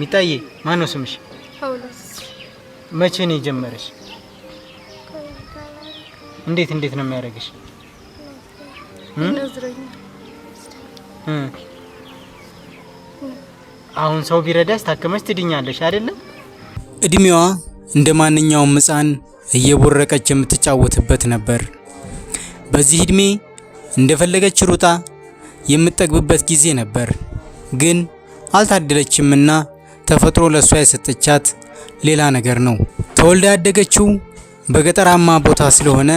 ሚጣዬ ማን ነው ስምሽ? መቼ ነው የጀመረሽ? እንዴት እንዴት ነው የሚያደርግሽ? አሁን ሰው ቢረዳስ ታከመሽ ትድኛለሽ አይደለም? እድሜዋ እንደ ማንኛውም ሕፃን እየቦረቀች የምትጫወትበት ነበር። በዚህ እድሜ እንደፈለገች ሩጣ የምትጠግብበት ጊዜ ነበር፣ ግን አልታደለችምና ተፈጥሮ ለእሷ የሰጠቻት ሌላ ነገር ነው። ተወልዳ ያደገችው በገጠራማ ቦታ ስለሆነ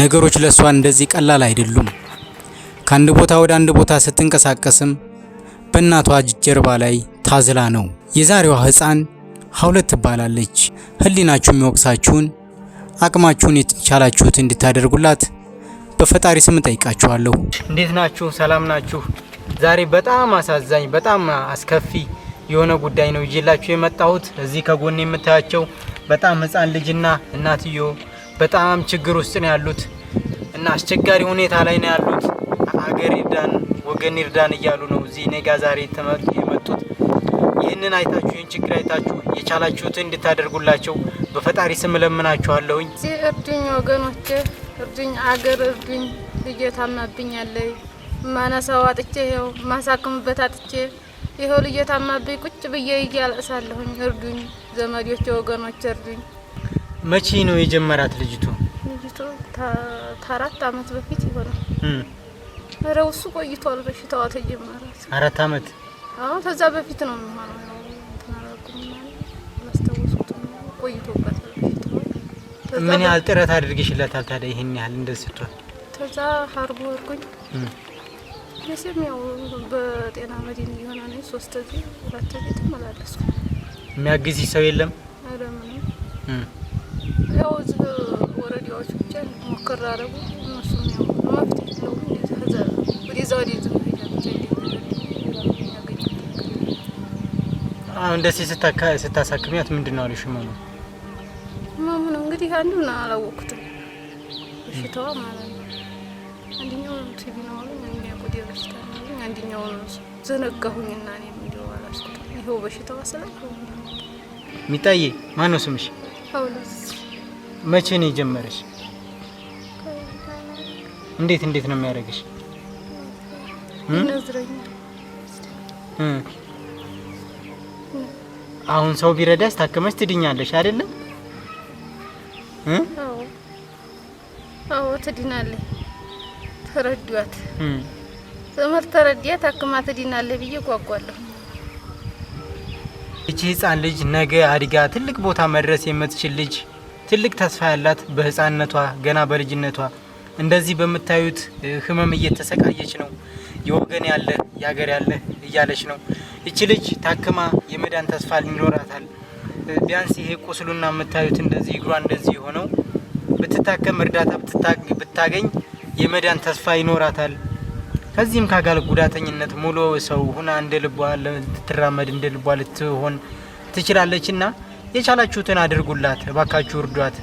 ነገሮች ለእሷ እንደዚህ ቀላል አይደሉም። ከአንድ ቦታ ወደ አንድ ቦታ ስትንቀሳቀስም በእናቷ ጀርባ ላይ ታዝላ ነው። የዛሬዋ ሕፃን ሀውለት ትባላለች። ህሊናችሁ የሚወቅሳችሁን አቅማችሁን የቻላችሁት እንድታደርጉላት በፈጣሪ ስም ጠይቃችኋለሁ። እንዴት ናችሁ? ሰላም ናችሁ? ዛሬ በጣም አሳዛኝ በጣም አስከፊ የሆነ ጉዳይ ነው ይዤላችሁ የመጣሁት። እዚህ ከጎን የምታያቸው በጣም ህፃን ልጅና እናትዮ በጣም ችግር ውስጥ ነው ያሉት እና አስቸጋሪ ሁኔታ ላይ ነው ያሉት። አገር ይርዳን ወገን ይርዳን እያሉ ነው እዚህ እኔ ጋ ዛሬ የመጡት። ይህንን አይታችሁ ይህን ችግር አይታችሁ የቻላችሁትን እንድታደርጉላቸው በፈጣሪ ስም እለምናችኋለሁኝ። እርድኝ ወገኖቼ፣ እርድኝ አገር እርድኝ ልጄ ታማብኛለች። ማነሳው አጥቼ ው ማሳክምበት አጥቼ ይኸው ልጅ የታማብኝ ቁጭ ብዬ እያለቅሳለሁኝ። እርዱኝ ዘመዶች፣ ወገኖች እርዱኝ። መቼ ነው የጀመራት ልጅቱ? ልጅቱ ከአራት አመት በፊት ይሆናል። ኧረ እሱ ቆይቷል በሽታዋ ተጀመራት። አራት አመት? አዎ ከዛ በፊት ነው የሚሆነው። ቆይቶበታል። ምን ያህል ጥረት አድርገሽላታል ታዲያ? ይህን ያህል እንደዚህ ስትሆን ከዛ ሀርጎ እርጉኝ መቼም ያው በጤና መድን እየሆነ ነው። ሶስት ጊዜ ጊዜ ተመላለስኩ። የሚያግዝ ሰው የለም። ያው እዚህ ወረዳዎች ብቻ ሞከር አደረጉ። ያው ወደዛ አሁን እንደዚህ ስታሳክሚያት ምንድን ነው አለሽ? እንግዲህ አላወቅኩትም በሽታዋ ማለት ነው አንደኛው ቲቪ ነው አሉኝ። አንደኛው ቆዳ በሽታ ነው አሉኝ። አንደኛው እኔም እንዲሁ ይኸው በሽታው ሚጣዬ ማን ነው ስምሽ? መቼ ነው የጀመረሽ? እንዴት እንዴት ነው የሚያደርግሽ? አሁን ሰው ቢረዳስ ታከመሽ ትድኛለሽ አይደለም? አዎ አዎ ትድናለሽ። ረዷት ትምህርት ተረዲያ ታክማ ትድናለህ ብዬ ጓጓለሁ። እቺ ህፃን ልጅ ነገ አድጋ ትልቅ ቦታ መድረስ የምትችል ልጅ ትልቅ ተስፋ ያላት በህፃንነቷ ገና በልጅነቷ እንደዚህ በምታዩት ህመም እየተሰቃየች ነው። የወገን ያለ የሀገር ያለ እያለች ነው። እቺ ልጅ ታክማ የመዳን ተስፋ ሊኖራታል። ቢያንስ ይሄ ቁስሉና የምታዩት እንደዚህ እግሯ እንደዚህ የሆነው ብትታከም እርዳታ ብታገኝ የመዳን ተስፋ ይኖራታል። ከዚህም ከአካል ጉዳተኝነት ሙሉ ሰው ሁና እንደ ልቧ ልትራመድ እንደ ልቧ ልትሆን ትችላለችና የቻላችሁትን አድርጉላት እባካችሁ እርዷት።